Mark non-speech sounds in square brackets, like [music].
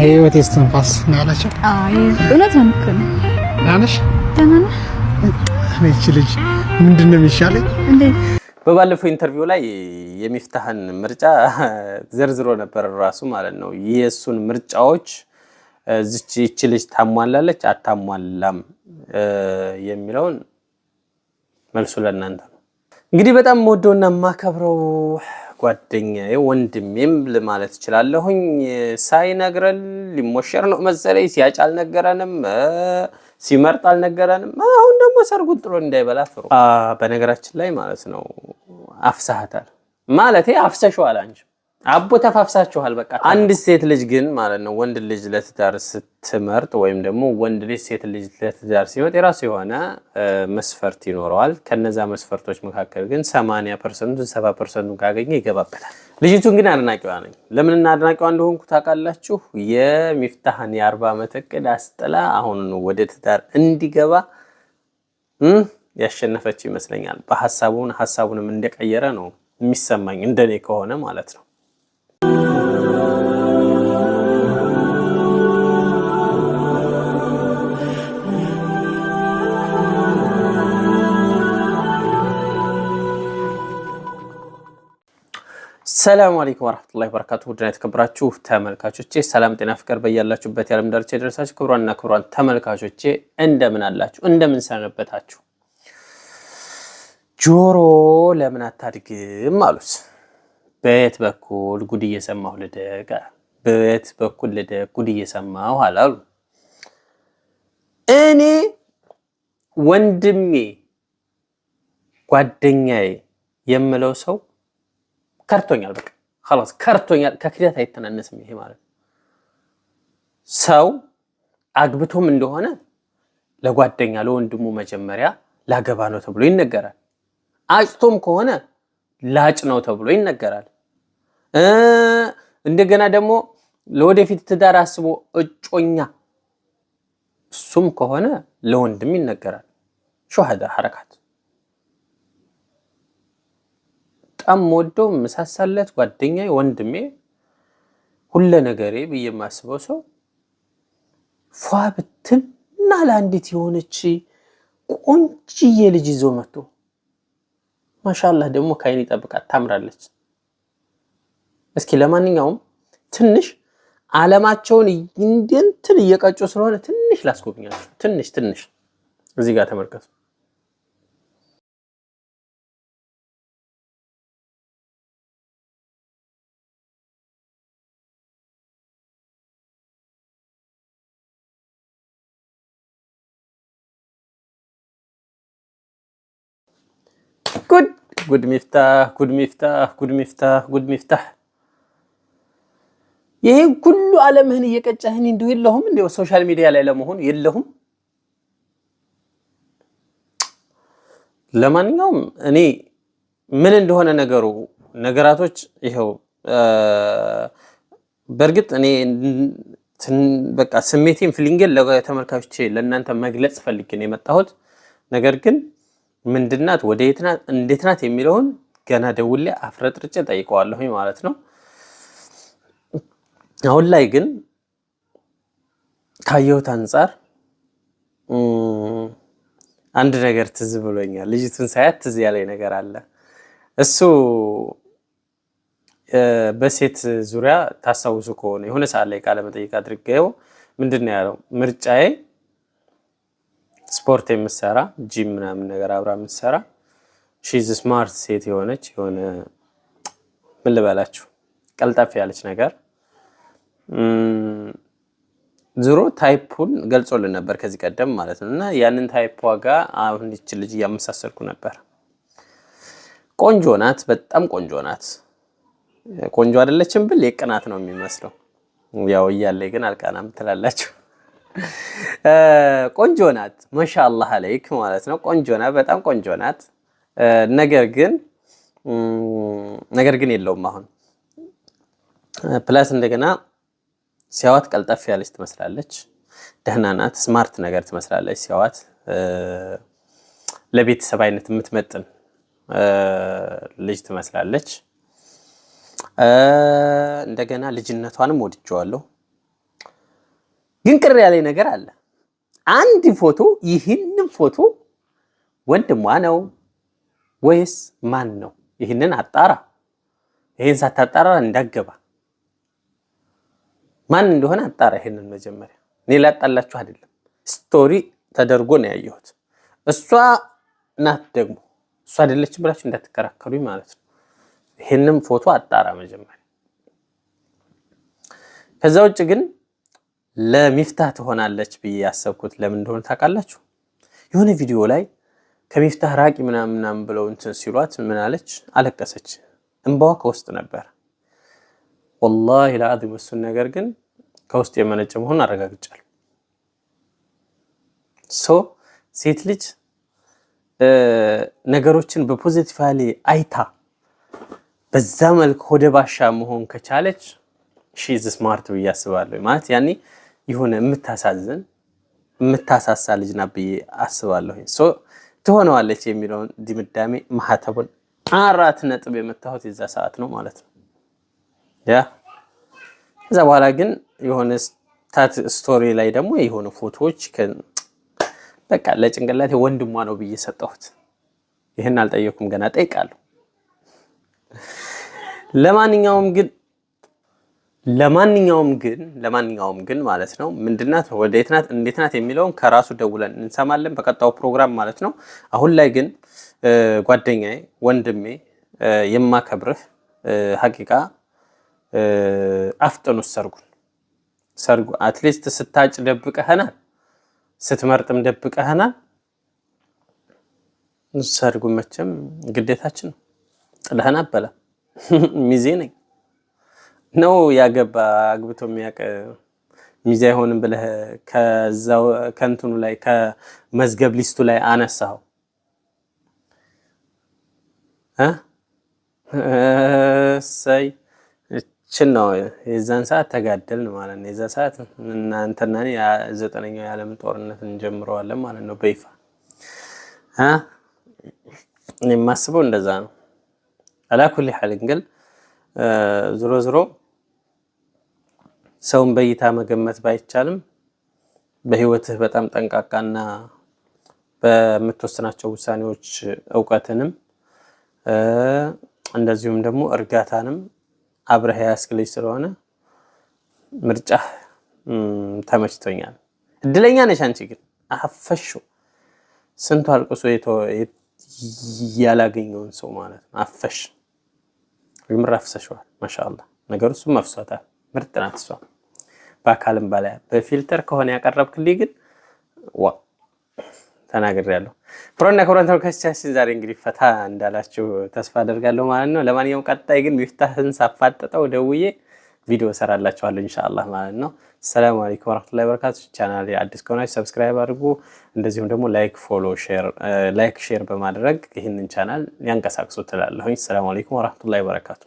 የህይወት እስትንፋስ ነው እውነት ነው ልጅ ምንድን ነው የሚሻለኝ? በባለፈው ኢንተርቪው ላይ የሚፍታህን ምርጫ ዘርዝሮ ነበር ራሱ ማለት ነው። የእሱን ምርጫዎች ይቺ ልጅ ታሟላለች አታሟላም የሚለውን መልሱ ለእናንተ ነው። እንግዲህ በጣም የምወደውና የማከብረው ጓደኛዬ ወንድሜም ልማለት እችላለሁኝ። ሳይነግረን ሊሞሸር ነው መሰለኝ። ሲያጭ አልነገረንም፣ ሲመርጥ አልነገረንም። አሁን ደግሞ ሰርጉን ጥሎ እንዳይበላ ፍሩ። በነገራችን ላይ ማለት ነው አፍሳሃታል ማለት አፍሰሸዋል አንቺ አቦ ተፋፍሳችኋል። በቃ አንድ ሴት ልጅ ግን ማለት ነው ወንድ ልጅ ለትዳር ስትመርጥ ወይም ደግሞ ወንድ ልጅ ሴት ልጅ ለትዳር ሲመጥ የራሱ የሆነ መስፈርት ይኖረዋል። ከነዛ መስፈርቶች መካከል ግን 8 ፐርሰንቱን ሰባ ፐርሰንቱን ካገኘ ይገባበታል። ልጅቱን ግን አድናቂዋ ነኝ። ለምንና አድናቂዋ እንደሆንኩ ታውቃላችሁ? የሚፍታህን የአርባ ዓመት እቅድ አስጥላ አሁን ወደ ትዳር እንዲገባ ያሸነፈች ይመስለኛል። በሀሳቡን ሀሳቡንም እንደቀየረ ነው የሚሰማኝ እንደኔ ከሆነ ማለት ነው ሰላም አለይኩም ወራህመቱላሂ ወበረካቱ ውድና የተከበራችሁ ተመልካቾቼ ሰላም ጤና ፍቅር በያላችሁበት የዓለም ዳርቻ የደረሳችሁ ክቡራንና ክቡራን ተመልካቾቼ እንደምን አላችሁ? እንደምን ሰነበታችሁ? ጆሮ ለምን አታድግም አሉት። በየት በኩል ጉድ እየሰማሁ ልደቅ፣ በየት በኩል ልደቅ ጉድ እየሰማሁ አላሉ። እኔ ወንድሜ ጓደኛዬ የምለው ሰው ከርቶኛል፣ በቃ ላስ ከርቶኛል። ከክደት አይተናነስም ይሄ ማለት ሰው አግብቶም እንደሆነ ለጓደኛ ለወንድሙ መጀመሪያ ላገባ ነው ተብሎ ይነገራል። አጭቶም ከሆነ ላጭ ነው ተብሎ ይነገራል። እንደገና ደግሞ ለወደፊት ትዳር አስቦ እጮኛ እሱም ከሆነ ለወንድም ይነገራል። ሸሃዳ ሐረካት በጣም ወደው መሳሳለት ጓደኛ ወንድሜ ሁለ ነገሬ ብዬ የማስበው ሰው ፏ ብትን እና ለአንዲት የሆነች ቆንጅዬ ልጅ ይዞ መጥቶ ማሻላህ ደግሞ ከአይን ይጠብቃት ታምራለች። እስኪ ለማንኛውም ትንሽ አለማቸውን እንትን እየቀጩ ስለሆነ ትንሽ ላስጎብኛቸው። ትንሽ ትንሽ እዚህ ጋር ተመልከቱ። ጉድ ጉድ ሚፍታህ ጉድ ሚፍታህ ጉድ ሚፍታህ ጉድ ሚፍታህ ይሄ ሁሉ ዓለምህን እየቀጫህን እንዲሁ የለሁም እንዲ ሶሻል ሚዲያ ላይ ለመሆን የለሁም። ለማንኛውም እኔ ምን እንደሆነ ነገሩ ነገራቶች ይኸው በእርግጥ እኔ በቃ ስሜቴን ፊሊንጌን ለተመልካቾቼ ለእናንተ መግለጽ ፈልጌ ነው የመጣሁት ነገር ግን ምንድናት ወደ የትናት እንዴት ናት የሚለውን ገና ደውሌ አፍረጥርጬ ጠይቀዋለሁኝ ማለት ነው። አሁን ላይ ግን ካየሁት አንጻር አንድ ነገር ትዝ ብሎኛል። ልጅቱን ሳያት ትዝ ያለኝ ነገር አለ። እሱ በሴት ዙሪያ ታስታውሱ ከሆነ የሆነ ሰዓት ላይ ቃለመጠይቅ አድርገው ምንድን ነው ያለው ምርጫዬ ስፖርት የምትሰራ ጂም ምናምን ነገር አብራ የምትሰራ ሺዝ ስማርት ሴት የሆነች የሆነ ምን ልበላችሁ ቀልጠፍ ያለች ነገር ዝሮ ታይፑን ገልጾልን ነበር ከዚህ ቀደም ማለት ነው። እና ያንን ታይፕ ዋጋ አሁን ይች ልጅ እያመሳሰልኩ ነበር። ቆንጆ ናት፣ በጣም ቆንጆ ናት። ቆንጆ አይደለችም ብል የቅናት ነው የሚመስለው። ያው እያለ ግን አልቃናም ትላላችሁ። ቆንጆ ናት። ማሻአላህ አለይክ ማለት ነው። ቆንጆ ናት፣ በጣም ቆንጆ ናት። ነገር ግን ነገር ግን የለውም አሁን ፕላስ እንደገና ሲያዋት ቀልጠፍ ያለች ትመስላለች። ደህና ናት። ስማርት ነገር ትመስላለች ሲያዋት ለቤተሰብ አይነት የምትመጥን ልጅ ትመስላለች። እንደገና ልጅነቷንም ወድጀዋለሁ። ግን ቅር ያለኝ ነገር አለ። አንድ ፎቶ ይህንን ፎቶ ወንድሟ ነው ወይስ ማን ነው? ይህንን አጣራ። ይህን ሳታጣራ እንዳገባ ማን እንደሆነ አጣራ። ይህንን መጀመሪያ እኔ ላጣላችሁ አይደለም፣ ስቶሪ ተደርጎ ነው ያየሁት። እሷ ናት ደግሞ እሷ አይደለችም ብላችሁ እንዳትከራከሉኝ ማለት ነው። ይህንም ፎቶ አጣራ መጀመሪያ። ከዛ ውጭ ግን ለሚፍታህ ትሆናለች ብዬ ያሰብኩት ለምን እንደሆነ ታውቃላችሁ? የሆነ ቪዲዮ ላይ ከሚፍታህ ራቂ ምናምን ምናምን ብለው እንትን ሲሏት ምን አለች? አለቀሰች። እንባዋ ከውስጥ ነበር። ወላሂ ለአዚም እሱን ነገር ግን ከውስጥ የመነጨ መሆኑን አረጋግጫል። ሶ ሴት ልጅ ነገሮችን በፖዚቲቫሊ አይታ በዛ መልክ ሆደ ባሻ መሆን ከቻለች ሺዝ ስማርት ብዬ አስባለሁ ማለት ያኔ የሆነ የምታሳዝን የምታሳሳ ልጅ ናት ብዬ አስባለሁ። ትሆነዋለች የሚለውን ድምዳሜ ማህተቡን አራት ነጥብ የመታሁት የዛ ሰዓት ነው ማለት ነው። ያ እዛ በኋላ ግን የሆነ ስቶሪ ላይ ደግሞ የሆነ ፎቶዎች በቃ ለጭንቅላት ወንድሟ ነው ብዬ ሰጠሁት። ይህን አልጠየኩም፣ ገና ጠይቃለሁ። ለማንኛውም ግን ለማንኛውም ግን ለማንኛውም ግን ማለት ነው ምንድናት ወዴት ናት እንዴት ናት የሚለውን ከራሱ ደውለን እንሰማለን በቀጣው ፕሮግራም ማለት ነው። አሁን ላይ ግን ጓደኛዬ፣ ወንድሜ፣ የማከብርህ ሀቂቃ አፍጥኑት ሰርጉን ሰርጉ አትሊስት ስታጭ ደብቀህናል፣ ስትመርጥም ደብቀህናል። ሰርጉ መቼም ግዴታችን ነው። ጥለህን አበላ [laughs] ሚዜ ነኝ ነው ያገባ አግብቶ የሚያውቅ ሚዜ አይሆንም ብለህ ከዛው ከእንትኑ ላይ ከመዝገብ ሊስቱ ላይ አነሳው እ እሰይ እችን ነው የዛን ሰዓት ተጋደልን ማለት ነው። የዛ ሰዓት እናንተና ዘጠነኛው የዓለም ጦርነት እንጀምረዋለን ማለት ነው በይፋ የማስበው እንደዛ ነው። አላኩል ሐል እንግል ዝሮ ዝሮ ሰውን በእይታ መገመት ባይቻልም በህይወትህ በጣም ጠንቃቃና በምትወስናቸው ውሳኔዎች እውቀትንም እንደዚሁም ደግሞ እርጋታንም አብረህ ያስክ ልጅ ስለሆነ ምርጫህ ተመችቶኛል። እድለኛ ነሽ አንቺ ግን አፈሾ ስንቱ አልቅሶ ያላገኘውን ሰው ማለት ነው። አፈሽ ምራፍሰሸዋል። ማሻአላህ እሱም መፍሷታል። ምርጥ ናት እሷ። በአካልም በላይ በፊልተር ከሆነ ያቀረብክልኝ ግን ዋ ተናግር ያለው ክቡራንና ክቡራን ተመልካቾቻችን ዛሬ እንግዲህ ፈታ እንዳላችሁ ተስፋ አደርጋለሁ ማለት ነው። ለማንኛውም ቀጣይ ግን ሚፍታህን ሳፋጠጠው ደውዬ ቪዲዮ እሰራላችኋለሁ እንሻላ ማለት ነው። ሰላም አለይኩም ወራህመቱላሂ ወበረካቱ። ቻናል አዲስ ከሆናችሁ ሰብስክራይብ አድርጉ። እንደዚሁም ደግሞ ላይክ፣ ፎሎ፣ ሼር ላይክ ሼር በማድረግ ይህንን ቻናል ያንቀሳቅሱ ትላለሁኝ። ሰላም አለይኩም ወራህመቱላሂ ወበረካቱ።